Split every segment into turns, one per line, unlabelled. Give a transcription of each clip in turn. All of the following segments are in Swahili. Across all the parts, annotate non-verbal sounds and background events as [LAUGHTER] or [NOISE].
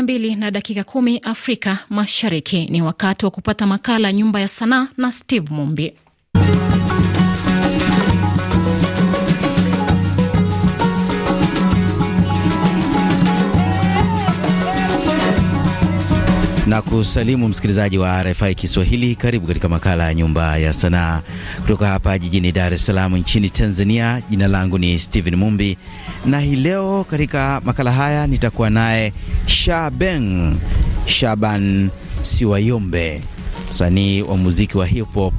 na mbili na dakika kumi Afrika Mashariki. Ni wakati wa kupata makala Nyumba ya Sanaa na Steve Mumbi. na kusalimu msikilizaji wa RFI Kiswahili. Karibu katika makala ya nyumba ya sanaa kutoka hapa jijini Dar es Salaam nchini Tanzania. Jina langu ni Steven Mumbi, na hii leo katika makala haya nitakuwa naye Shabeng Shaban Siwayombe, msanii wa muziki wa hip hop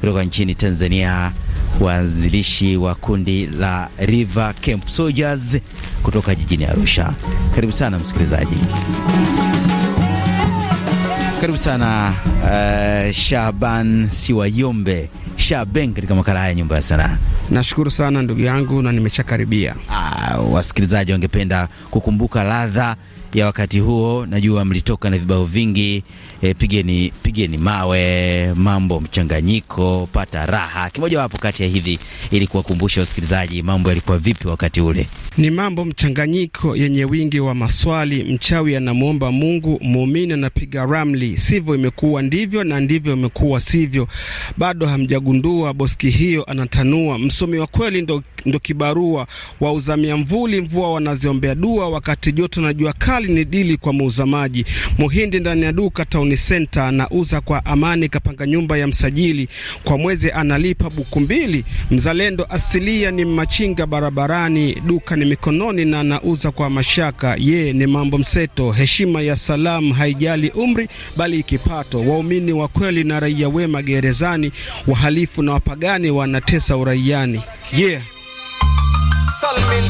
kutoka nchini Tanzania, waanzilishi wa kundi la River Camp Soldiers kutoka jijini Arusha. Karibu sana msikilizaji. Karibu sana uh, Shaban Siwayombe Shaben katika makala haya nyumba ya sanaa. Nashukuru sana ndugu yangu na nimeshakaribia. Ah, wasikilizaji wangependa kukumbuka ladha ya wakati huo, najua mlitoka na vibao vingi e, pigeni, pigeni mawe, mambo mchanganyiko, pata raha, kimojawapo kati ya hivi, ili kuwakumbusha wasikilizaji mambo yalikuwa vipi wakati ule.
Ni mambo mchanganyiko yenye wingi wa maswali, mchawi anamwomba Mungu, muumini anapiga ramli, sivyo imekuwa ndivyo na ndivyo imekuwa sivyo, bado hamjagundua, boski hiyo anatanua, msomi wa kweli ndo, ndo kibarua, wauzamia mvuli mvua wanaziombea dua, wakati joto na jua kali ni dili kwa muuzamaji. muhindi ndani ya duka taun Town Center na uza kwa amani kapanga nyumba ya msajili kwa mwezi analipa buku mbili. Mzalendo asilia ni machinga barabarani, duka ni mikononi na anauza kwa mashaka. Ye ni mambo mseto, heshima ya salamu haijali umri bali kipato. Waumini wa kweli na raia wema gerezani, wahalifu na wapagani wanatesa uraiani. Ye
Salmin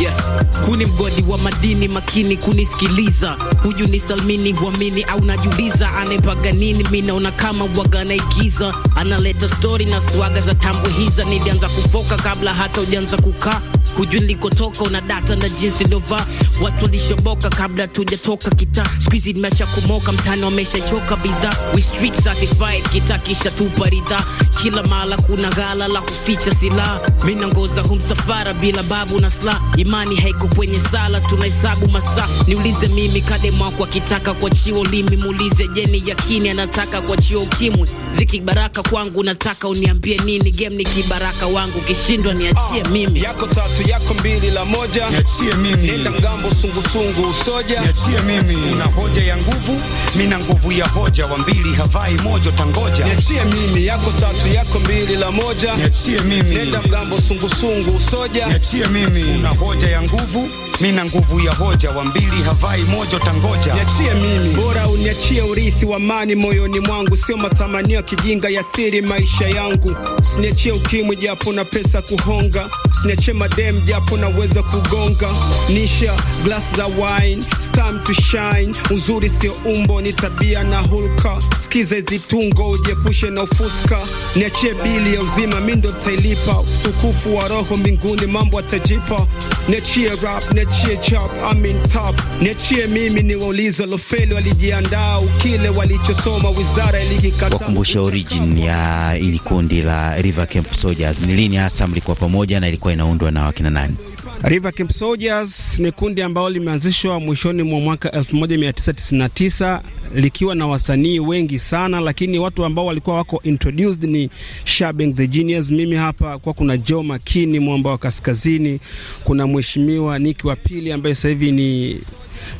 Yes, huu ni mgodi wa madini makini kunisikiliza. Huyu ni Salmini huamini au najiuliza, anaepaga nini? Mi naona kama waga anaigiza, analeta stori na swaga za tambuhiza. Nilianza kufoka kabla hata ujaanza kukaa, hujui nilikotoka, una data na jinsi liovaa. Watu walishoboka kabla tujatoka kitaa, skuizi nimeacha kumoka mtani, wameshachoka bidhaa. We street certified, kita kisha tupa ridhaa. Kila mahala kuna ghala la kuficha silaha, mi nangoza humsafara bila babu na sla imani haiko kwenye sala, tunahesabu masaa. Niulize mimi kademwako akitaka kuachiwa ulimi, muulize jeni yakini anataka kuachiwa ukimwi. Viki baraka kwangu, nataka uniambie nini? Game ni kibaraka wangu, kishindwa ah, niachie mimi. Yako
tatu yako mbili, la moja niachie mimi. Nenda ngambo sungusungu usoja niachie mimi. Una hoja ya nguvu, mina nguvu ya hoja, wa mbili havai mojo tangoja niachie mimi. Yako tatu yako mbili, la moja niachie mimi. Nenda ngambo sungusungu usoja niachie mimi. Una hoja 这样辜负。Mina nguvu ya hoja wa mbili havai moja utangoja Niachie mimi bora uniachie urithi wa mani moyoni mwangu, sio matamanio ya kijinga yathiri maisha yangu. Siniachie ukimwi japo na pesa kuhonga, siniachie madem japo naweza kugonga. Nisha glass za wine, it's time to shine. Uzuri sio umbo, ni tabia na hulka. Sikiza zitungo ujepushe ujiepushe na ufuska. Niachie bili ya uzima, mi ndo tailipa. Utukufu wa roho mbinguni, mambo atajipa. Niachie rap niachie chap amin tap niachie mimi niwaulize lofeli walijiandaa ukile walichosoma wizara ilikikata.
Wakumbusha origin ya ili kundi la River Camp Soldiers, ni lini hasa mlikuwa pamoja na ilikuwa inaundwa na wakina nani? River Camp Soldiers ni kundi ambalo limeanzishwa mwishoni
mwa mwaka 1999 likiwa na wasanii wengi sana, lakini watu ambao walikuwa wako introduced ni Shabeng the Genius. Mimi hapa kwa kuna Joe Makini mwamba wa kaskazini, kuna mheshimiwa Niki wa pili ambaye sasa hivi ni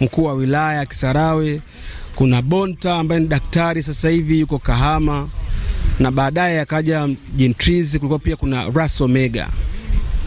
mkuu wa wilaya Kisarawe, kuna Bonta ambaye ni daktari sasa hivi yuko Kahama, na baadaye akaja Jintrizi. Kulikuwa pia kuna Ras Omega.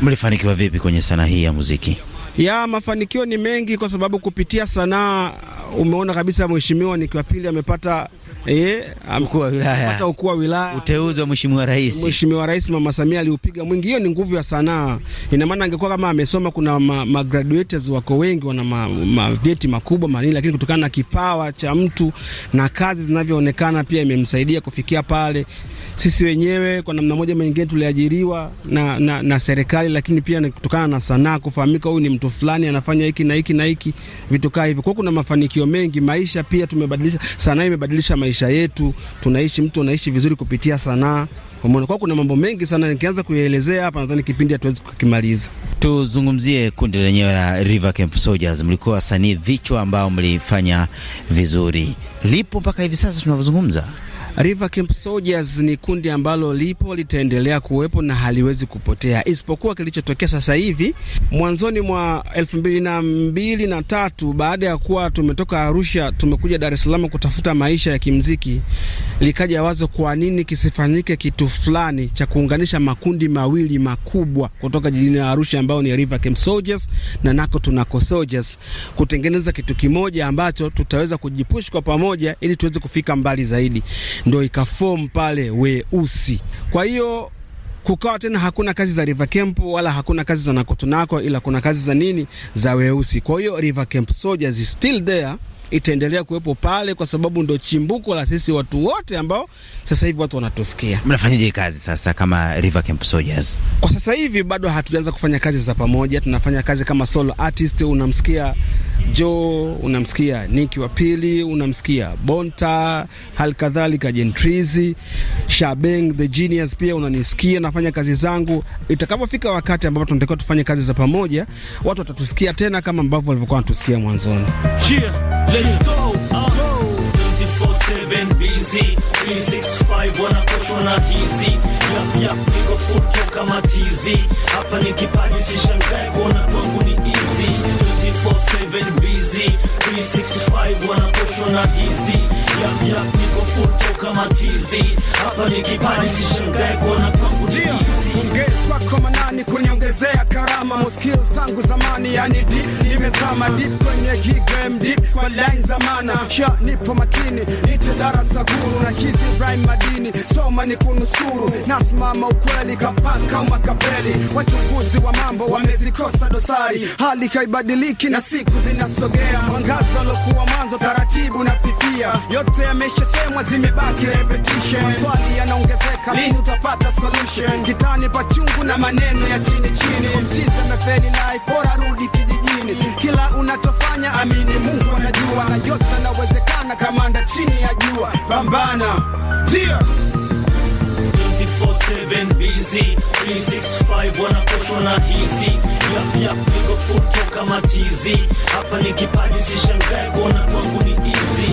Mlifanikiwa vipi kwenye sanaa hii ya muziki?
Ya mafanikio ni mengi kwa sababu kupitia sanaa umeona kabisa mheshimiwa ni kwa Pili amepata eh, ukuu wa wilaya, hata ukuu wa wilaya, uteuzi wa mheshimiwa rais. Mheshimiwa Rais Mama Samia aliupiga mwingi. Hiyo ni nguvu ya sanaa. Ina maana angekuwa kama amesoma, kuna ma, ma graduates wako wengi wana ma, ma vyeti makubwa manini, lakini kutokana na kipawa cha mtu na kazi zinavyoonekana pia imemsaidia kufikia pale sisi wenyewe kwa namna moja nyingine tuliajiriwa na, na, na serikali, lakini pia kutokana na sanaa kufahamika, huyu ni mtu fulani anafanya hiki na hiki na hiki, vitu kaa hivyo. Kwa kuna mafanikio mengi, maisha pia tumebadilisha, sanaa imebadilisha maisha yetu, tunaishi, mtu anaishi vizuri kupitia sanaa. Umeona, kwa kuna mambo mengi sana, nikianza kuyaelezea hapa nadhani kipindi hatuwezi
kukimaliza. Tuzungumzie kundi lenyewe la River Camp Soldiers, mlikuwa wasanii vichwa ambao mlifanya vizuri, lipo mpaka hivi sasa tunavyozungumza. River
Camp Soldiers ni kundi ambalo lipo litaendelea kuwepo na haliwezi kupotea, isipokuwa kilichotokea sasa hivi mwanzoni mwa elfu mbili na mbili na tatu baada ya kuwa tumetoka Arusha tumekuja Dar es Salaam kutafuta maisha ya kimziki, likaja wazo, kwa nini kisifanyike kitu fulani cha kuunganisha makundi mawili makubwa kutoka jijini la Arusha ambao ni River Camp Soldiers na nako tunako Soldiers, kutengeneza kitu kimoja ambacho tutaweza kujipush kwa pamoja ili tuweze kufika mbali zaidi ndo ikafom pale weusi. Kwa hiyo kukawa tena hakuna kazi za River Camp wala hakuna kazi za Nakotunako, ila kuna kazi za nini, za weusi. Kwa hiyo River Camp soldiers is still there itaendelea kuwepo pale, kwa sababu ndo chimbuko la sisi watu wote ambao
sasa hivi watu wanatusikia. Mnafanyaje kazi sasa kama River Camp Soldiers?
Kwa sasa hivi bado hatujaanza kufanya kazi za pamoja, tunafanya kazi kama solo artist. Unamsikia Joe, unamsikia Niki wa pili, unamsikia Bonta, kadhalika Jentrizi, Shabeng the Genius, pia unanisikia nafanya kazi zangu. Itakapofika wakati ambapo tunatakiwa tufanye kazi za pamoja, watu watatusikia tena kama ambavyo walivyokuwa wanatusikia mwanzoni.
yeah. Let's go. Uh, Four seven busy, three six five wanaposhwa na hizi yap yap, niko full toka matizi hapa, ni kipaji sishangae kuona kwangu ni easy 24/7 busy 365 wanna wanaposhwa na hizi
yap yap, niko full toka matizi hapa, ni kipaji sishangae kuona kwangu ni easy wanna manani kuniongezea karama mo skills tangu zamani yani deep nimezama deep kwenye hii deep kwa line za maana sha nipo makini nite darasa guru na hizi Ibrahim Madini soma ni kunusuru nasimama ukweli kapaka makapeli wachunguzi wa mambo wamezikosa dosari hali kaibadiliki na siku zinasogea mwangaza lokuwa mwanzo taratibu na fifia yote semwa zimebaki repetition maswali yanaongezeka lini utapata solution kitani pachungu kuna maneno ya chini chini, mtiza amefeli life, bora rudi kijijini. Kila unachofanya amini, Mungu anajua, na yote yanawezekana, kamanda chini ya jua. Pambana ndio 24/7 busy 365 wanaposhwa na hizi yap yap, niko full
toka matizi hapa, ni kipaji sishangae kuona kwangu ni easy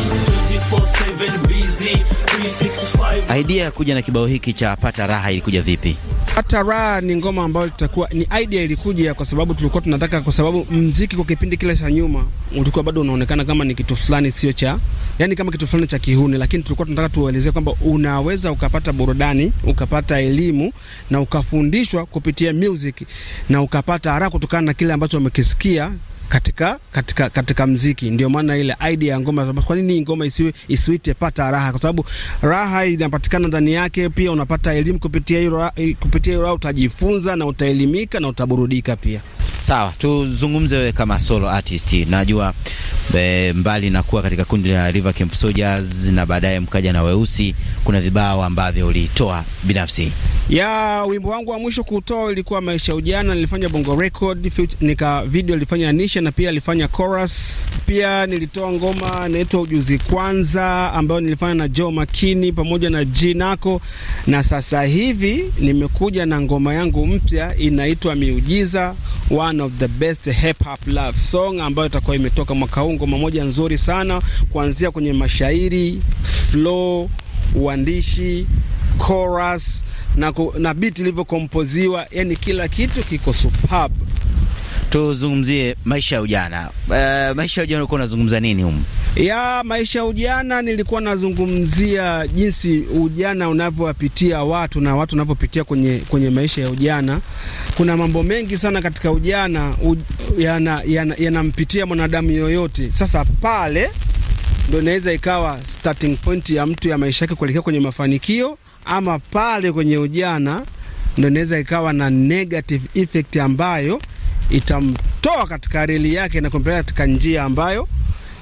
24/7 busy 365 Idea ya kuja na kibao hiki cha pata raha ilikuja vipi?
Pata raha ni ngoma ambayo itakuwa ni idea, ilikuja kwa sababu tulikuwa tunataka, kwa sababu mziki kwa kipindi kile cha nyuma ulikuwa bado unaonekana kama ni kitu fulani, sio cha yani, kama kitu fulani cha kihuni, lakini tulikuwa tunataka tuelezee kwamba unaweza ukapata burudani, ukapata elimu na ukafundishwa kupitia music na ukapata raha kutokana na kile ambacho umekisikia katika, katika, katika mziki. Ndio maana ile idea ya ngoma, kwa nini ngoma isiwe isiwite pata raha? Kwa sababu raha inapatikana ndani yake, pia unapata elimu kupitia hiyo, kupitia hiyo raha utajifunza na utaelimika na utaburudika pia.
Sawa, tuzungumze wewe kama solo artist. Najua be, eh, mbali na kuwa katika kundi la River Camp Soldiers na baadaye mkaja na Weusi, kuna vibao ambavyo ulitoa binafsi.
Ya wimbo wangu wa mwisho kutoa ilikuwa Maisha Ujana, nilifanya Bongo Record, nika video nilifanya Nisha na pia alifanya chorus. Pia nilitoa ngoma inaitwa Ujuzi Kwanza ambayo nilifanya na Joe Makini pamoja na Jinako, na sasa hivi nimekuja na ngoma yangu mpya inaitwa Miujiza wa one of the best hip hop love song ambayo itakuwa imetoka mwaka huu, ngoma moja nzuri sana kuanzia kwenye mashairi, flow, uandishi chorus na, na beat ilivyokompoziwa, yani kila kitu kiko
superb. Tuzungumzie maisha ya ujana. Uh, maisha ya ujana uko unazungumza nini huko?
ya maisha ujana, nilikuwa nazungumzia jinsi ujana unavyowapitia watu na watu wanavyopitia kwenye, kwenye maisha ya ujana. Kuna mambo mengi sana katika ujana yanampitia yana, yana mwanadamu yoyote. Sasa pale ndo inaweza ikawa starting point ya mtu ya maisha yake kuelekea kwenye mafanikio, ama pale kwenye ujana ndo inaweza ikawa na negative effect ambayo itamtoa katika reli yake na kumpeleka katika njia ambayo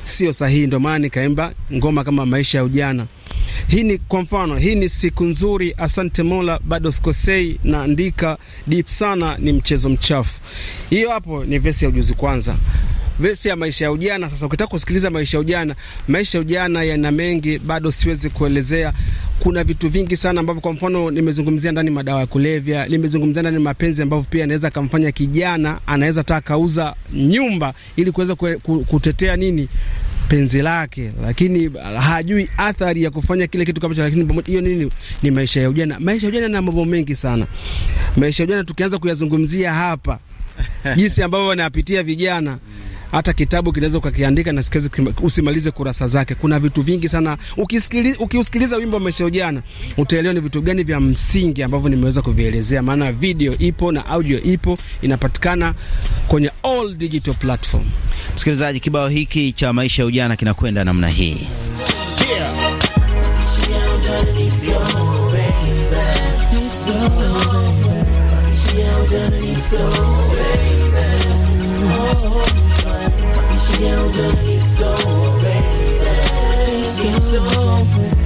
sio sahihi. Ndio maana nikaimba ngoma kama maisha ya ujana. Hii ni kwa mfano, hii ni siku nzuri, asante Mola, bado sikosei, naandika deep sana, ni mchezo mchafu. Hiyo hapo ni vesi ya ujuzi kwanza vesi ya maisha ya ujana. Sasa ukitaka kusikiliza maisha ya ujana, maisha ya ujana yana mengi, bado siwezi kuelezea kuna vitu vingi sana ambavyo, kwa mfano, nimezungumzia ndani madawa ya kulevya, nimezungumzia ndani mapenzi, ambavyo pia anaweza akamfanya kijana, anaweza taka kauza nyumba ili kuweza kutetea nini penzi lake, lakini hajui athari ya kufanya kile kitu kama cha. Lakini hiyo nini, ni maisha ya ujana. Maisha ya ujana na mambo mengi sana. Maisha ya ujana tukianza kuyazungumzia hapa, [LAUGHS] jinsi ambavyo wanapitia vijana hata kitabu kinaweza ukakiandika na sikizi usimalize kurasa zake. Kuna vitu vingi sana, ukisikiliza ukiusikiliza wimbo wa Maisha Ujana utaelewa ni vitu gani vya msingi ambavyo nimeweza kuvielezea, maana video ipo na audio ipo,
inapatikana kwenye all digital platform. Msikilizaji, kibao hiki cha Maisha Ujana kinakwenda namna hii yeah. She's so baby. It's so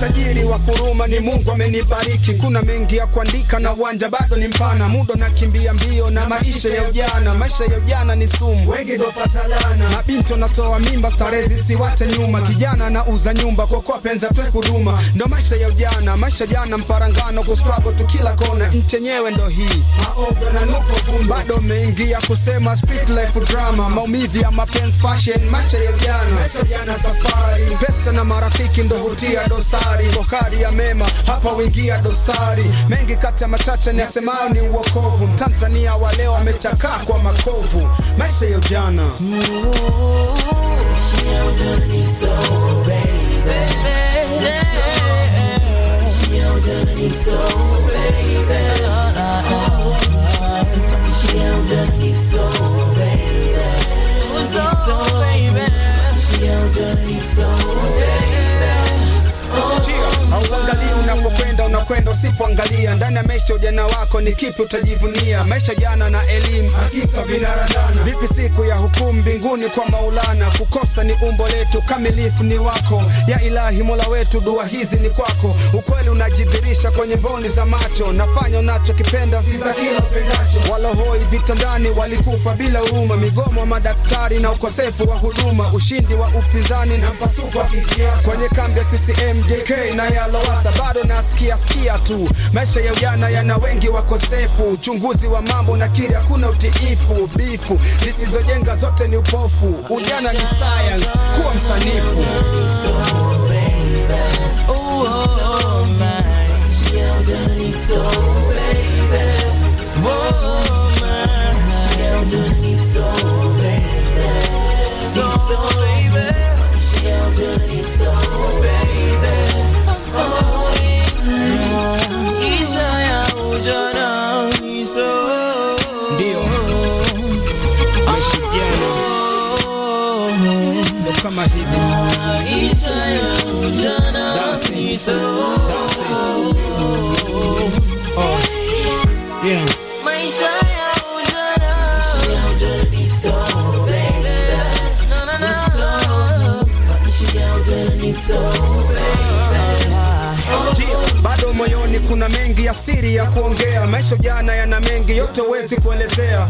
tajiri wa kuruma ni Mungu amenibariki. Kuna mengi ya kuandika na uwanja bado ni mpana, muda nakimbia mbio na maisha ya ujana. Maisha ya ujana ni sumu, wengi ndo patalana. Mabinti wanatoa mimba, starehe zisiwache nyuma. Kijana anauza nyumba kwa kwa penza tu huduma, ndo maisha ya ujana. Maisha jana mparangano, kustruggle tu kila kona, nchi yenyewe ndo hii, maovu na nuko bado umeingia kusema street life drama, maumivu ya mapenzi, fashion, maisha ya ujana, maisha ya ujana, safari, pesa na marafiki ndo hutia dosari hatari, bohari ya mema hapa wingia dosari. Mengi kati ya machache ni yasemao ni uokovu. Tanzania wa leo amechakaa kwa makovu, maisha ya ujana So
baby, she elderly, so baby.
unakokwenda usipoangalia ndani ya maisha ujana wako ni kipi utajivunia maisha jana na elimu hakika vinaradana vipi siku ya hukumu mbinguni kwa maulana kukosa ni umbo letu kamilifu ni wako ya ilahi mola wetu dua hizi ni kwako ukweli unajidhirisha kwenye mboni za macho nafanya unachokipenda walohoi vitandani walikufa bila uuma migomo wa madaktari na ukosefu wa huduma ushindi wa upinzani na mpasuko wa kisiasa kwenye kambi ya ccm jk na ya lowasa bado nasikia kusikia tu. Maisha ya ujana yana wengi wakosefu, uchunguzi wa mambo na kili hakuna utiifu. Bifu zisizojenga zote ni upofu. Ujana ni science, kuwa msanifu.
So baby, so baby, so baby. ujana oh. Yeah.
mengi ya siri ya kuongea, maisha jana yana mengi yote huwezi kuelezea.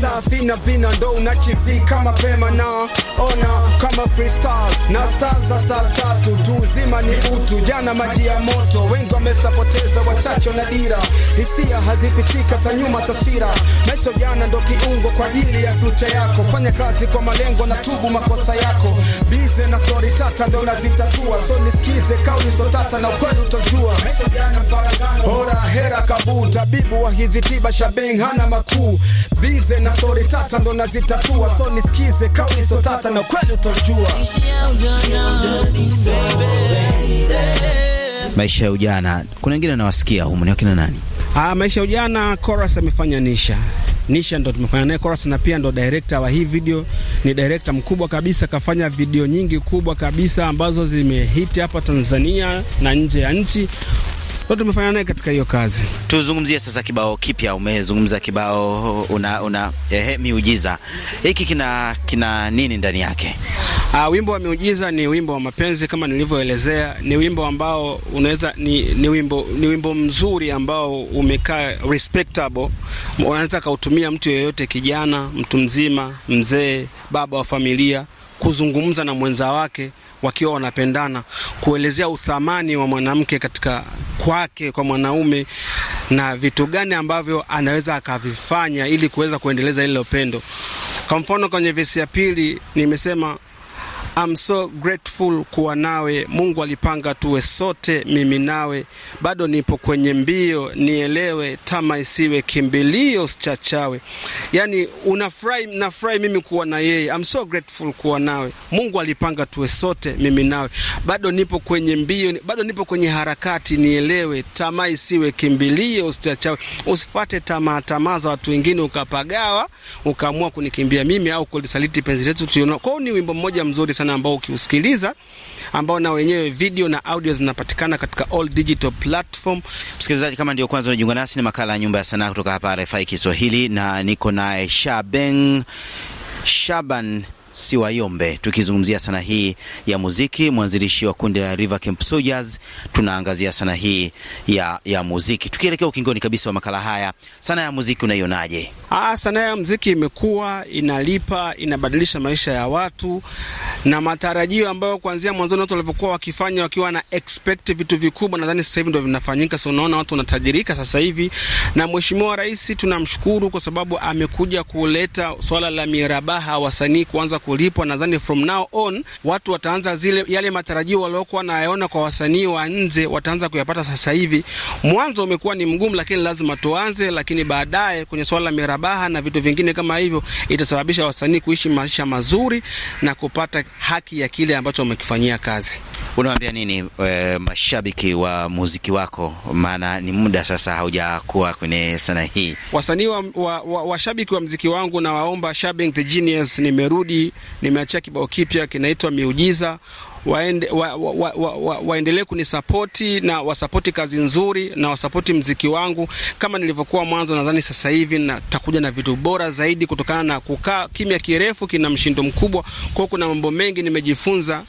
Safi na vina ndo unachizi kama pema na ona kama freestyle na stars za star tatu tu zima ni utu, jana maji ya moto, wengi wameshapoteza, wachache na dira, hisia hazifichika, tanyuma taswira, maisha jana ndo kiungo kwa ajili ya future yako, fanya kazi kwa malengo na tubu makosa yako, bize na story tata ndo unazitatua, so nisikize kauli zotata na ukweli utojua maisha hora hera kabu tabibu wa hizi tiba shabeng hana makuu bize na stori tata ndo nazitatua so nisikize kauli so tata na kweli utajua
maisha ya ujana. Kuna wengine nawasikia humu ni wakina nani? Ah, maisha ya ujana chorus amefanya Nisha
Nisha ndo tumefanya naye chorus na pia ndo director wa hii video. Ni director mkubwa kabisa, kafanya video nyingi kubwa kabisa ambazo zimehiti hapa Tanzania na nje ya nchi.
Kwa tumefanya naye katika hiyo kazi. Tuzungumzie sasa kibao kipya, umezungumza kibao una, una ehe, miujiza. Hiki kina kina nini ndani yake?
Uh, wimbo wa miujiza ni wimbo wa mapenzi kama nilivyoelezea, ni wimbo ambao unaweza ni, ni wimbo ni wimbo mzuri ambao umekaa respectable, unaweza kautumia mtu yeyote, kijana, mtu mzima, mzee, baba wa familia, kuzungumza na mwenza wake wakiwa wanapendana, kuelezea uthamani wa mwanamke katika kwake kwa mwanaume na vitu gani ambavyo anaweza akavifanya ili kuweza kuendeleza ile upendo. Kwa mfano kwenye vesi ya pili nimesema I'm so grateful kuwa nawe. Mungu alipanga tuwe sote, mimi nawe. Bado nipo kwenye mbio, nielewe, tama isiwe kimbilio sichachawe. Yani unafurahi, nafurahi mimi kuwa na yeye. I'm so grateful kuwa nawe. Mungu alipanga tuwe sote, mimi nawe. Bado nipo kwenye mbio, bado nipo kwenye harakati, nielewe, tama isiwe kimbilio sichachawe. Usipate tamaa tamaa za watu wengine, ukapagawa ukaamua kunikimbia mimi au kulisaliti penzi letu tuliona. Kwao ni wimbo mmoja mzuri sana sana ambao ukiusikiliza ambao na wenyewe video na audio zinapatikana katika all digital
platform. Msikilizaji, kama ndio kwanza unajiunga nasi, ni makala ya Nyumba ya Sanaa kutoka hapa RFI Kiswahili, na niko naye Shabeng Shaban Siwayombe. Tukizungumzia sanaa hii ya muziki, mwanzilishi wa kundi la River Camp Soldiers, tunaangazia sanaa hii ya, ya muziki. Tukielekea ukingoni kabisa wa makala haya, sanaa ya muziki unaionaje?
Ah, sanaa ya muziki imekuwa inalipa, inabadilisha maisha ya watu na matarajio ambayo kuanzia mwanzoni watu walivyokuwa wakifanya wakiwa na expect vitu vikubwa, nadhani sasa hivi ndio vinafanyika. Sasa unaona watu wanatajirika sasa hivi, na Mheshimiwa Rais tunamshukuru kwa sababu amekuja kuleta swala la mirabaha wasanii kuanza kuanza kulipwa. Nadhani from now on watu wataanza zile yale matarajio waliokuwa nayaona kwa wasanii wa nje wataanza kuyapata sasa hivi. Mwanzo umekuwa ni mgumu, lakini lazima tuanze, lakini baadaye kwenye swala la mirabaha na vitu vingine kama hivyo itasababisha wasanii kuishi maisha mazuri na kupata haki
ya kile ambacho wamekifanyia kazi. Unawaambia nini e, mashabiki wa muziki wako? Maana ni muda sasa haujakuwa kwenye sanaa hii.
Wasanii wa, wa, wa, washabiki wa muziki wangu, na waomba Shabing the Genius, nimerudi nimeachia kibao kipya kinaitwa Miujiza. Waende, wa, wa, wa, wa, wa, waendelee kunisapoti na wasapoti kazi nzuri na wasapoti mziki wangu kama nilivyokuwa mwanzo. Nadhani sasa hivi natakuja na vitu bora zaidi kutokana na kukaa kimya kirefu kina mshindo mkubwa. Kwa hiyo kuna mambo mengi nimejifunza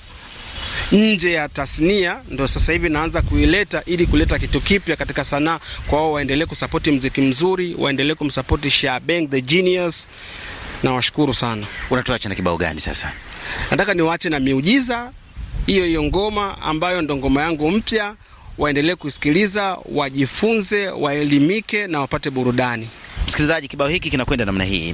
nje ya tasnia, ndo sasa hivi naanza kuileta ili kuleta kitu kipya katika sanaa. Kwa hiyo waendelee kusapoti mziki mzuri, waendelee kumsapoti Shabeng the genius Nawashukuru sana. Unatuacha na kibao gani sasa? Nataka niwaache na miujiza hiyo hiyo ngoma ambayo ndo ngoma yangu mpya. Waendelee kusikiliza, wajifunze, waelimike na wapate burudani. Msikilizaji, kibao hiki kinakwenda
namna hii.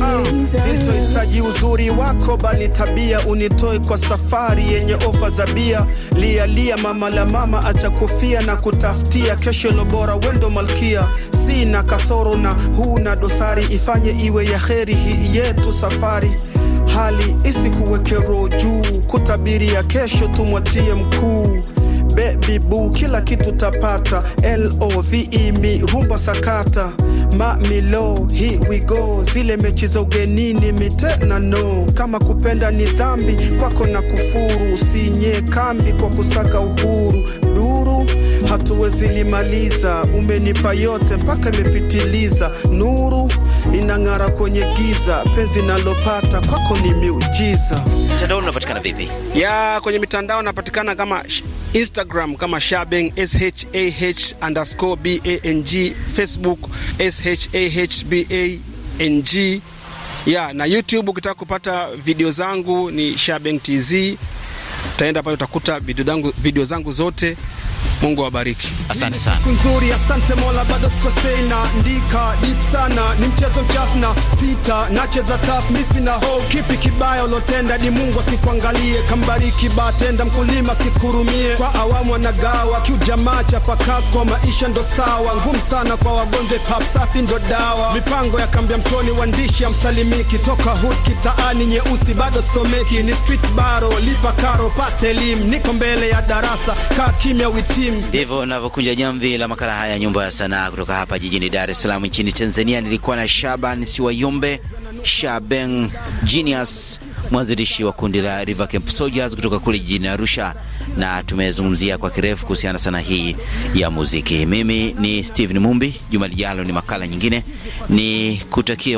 Ah, sitohitaji
uzuri wako bali tabia, unitoe kwa safari yenye ofa za bia. Lialia mama la mama, acha kufia na kutafutia kesho lobora, wendo malkia. Sina kasoro na huu na dosari, ifanye iwe ya heri hii yetu safari hali isikuweke roho juu, kutabiri ya kesho tumwachie mkuu bebi bu, kila kitu tapata. Love mi rumba sakata mamilo, here we go. Zile mechi za ugenini mitena no, kama kupenda ni dhambi kwako na kufuru, sinye kambi kwa kusaka uhuru duru hatuwezi limaliza, umenipa yote mpaka imepitiliza, nuru inang'ara kwenye giza, penzi nalopata kwako ni miujiza.
Mtandao unapatikana vipi?
Ya, kwenye mitandao napatikana kama Instagram kama Shabeng shah underscore bang, Facebook shahbang ya na YouTube ukitaka kupata video zangu ni Shabeng TZ, utaenda pale utakuta video zangu, video zangu zote Mungu awabariki, asante sana. Nzuri, asante Mola, bado sikosei na ndika deep sana, ni mchezo mchafu na pita nacheza tough, misi sina hope. kipi kibaya ulotenda di Mungu asikuangalie, kambariki batenda mkulima sikurumie, kwa awamu anagawa kiujamaa pakas kwa maisha ndo sawa ngumu sana kwa wagonjwa, pap safi ndo dawa, mipango ya kambia mtoni, wandishi amsalimiki, toka hood kitaani nyeusi, bado someki, ni street baro lipa karo pate elimu, niko mbele ya darasa, kaa kimya witim
Ndivyo navyokunja jamvi la makala haya nyumba ya sanaa kutoka hapa jijini Dar es Salaam nchini Tanzania. Nilikuwa na Shaban Siwayombe shaben Genius, mwanzilishi wa kundi la River Camp Soldiers kutoka kule jijini Arusha, na tumezungumzia kwa kirefu kuhusiana sana hii ya muziki. Mimi ni Steven Mumbi. Juma lijalo ni makala nyingine, ni kutakia